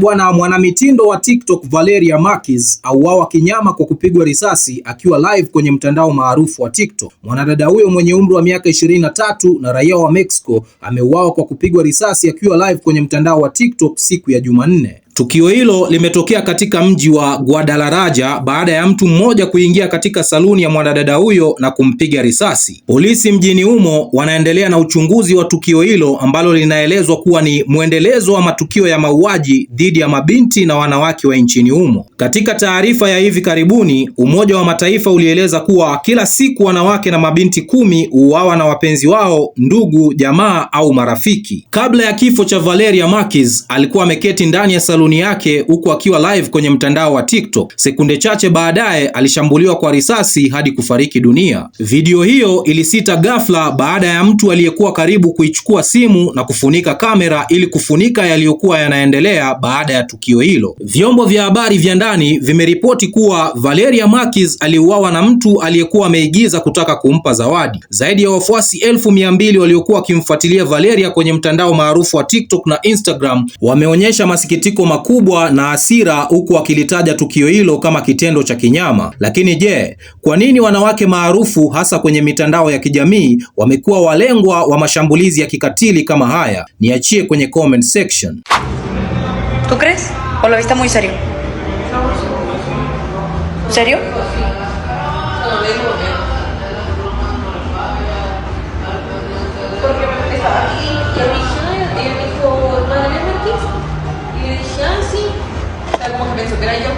Bwana mwanamitindo wa TikTok Valeria Marquez auawa kinyama kwa kupigwa risasi akiwa live kwenye mtandao maarufu wa TikTok. Mwanadada huyo mwenye umri wa miaka 23 na raia wa Mexico ameuawa kwa kupigwa risasi akiwa live kwenye mtandao wa TikTok siku ya Jumanne. Tukio hilo limetokea katika mji wa Guadalajara baada ya mtu mmoja kuingia katika saluni ya mwanadada huyo na kumpiga risasi. Polisi mjini humo wanaendelea na uchunguzi wa tukio hilo ambalo linaelezwa kuwa ni mwendelezo wa matukio ya mauaji dhidi ya mabinti na wanawake wa nchini humo. Katika taarifa ya hivi karibuni, Umoja wa Mataifa ulieleza kuwa kila siku wanawake na mabinti kumi huuawa na wapenzi wao, ndugu, jamaa au marafiki. Kabla ya kifo cha Valeria Marquez, alikuwa ameketi ndani ya saluni akaunti yake huku akiwa live kwenye mtandao wa TikTok. Sekunde chache baadaye alishambuliwa kwa risasi hadi kufariki dunia. Video hiyo ilisita ghafla baada ya mtu aliyekuwa karibu kuichukua simu na kufunika kamera ili kufunika yaliyokuwa yanaendelea baada ya tukio hilo. Vyombo vya habari vya ndani vimeripoti kuwa Valeria Marquez aliuawa na mtu aliyekuwa ameigiza kutaka kumpa zawadi. Zaidi ya wafuasi elfu mia mbili waliokuwa wakimfuatilia Valeria kwenye mtandao maarufu wa TikTok na Instagram wameonyesha masikitiko makubwa na hasira huku wakilitaja tukio hilo kama kitendo cha kinyama. Lakini je, kwa nini wanawake maarufu hasa kwenye mitandao ya kijamii wamekuwa walengwa wa mashambulizi ya kikatili kama haya? Niachie kwenye comment section. ¿Tú crees? ¿O lo viste muy serio? ¿Serio? pensó que era yo.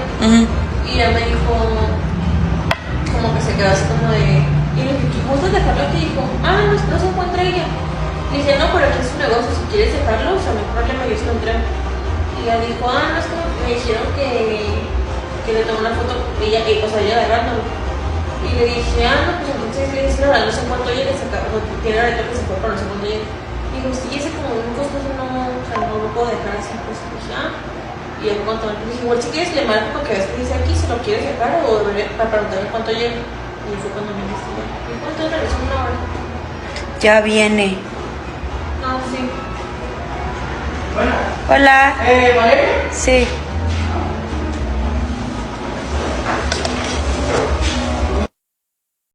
Y ella me dijo, como que se quedó así como de. Y le dije, ¿gustas dejarlo aquí? Dijo, ah, no, no se encuentra ella. Le dije, no, pero aquí es su negocio, si quieres dejarlo, o sea, mejor le problema, yo se Y ella dijo, ah, no, es que me dijeron que, que le tomó una foto, ella, eh, o sea, ella agarrándolo. Y le dije, ah, no, pues entonces le dije, no, no sé cuánto llegue, no tiene la letra que se fue, pero no sé cuánto Y Dijo, sí, ese como un Y él contó, igual si quieres le marco porque a que dice aquí, si lo quieres dejar o para preguntarle cuánto llega. Y fue cuando me dice, Y cuánto pues, regresó una hora. Ya viene. No, sí. Hola. Hola. Eh, ¿Valeria? Sí.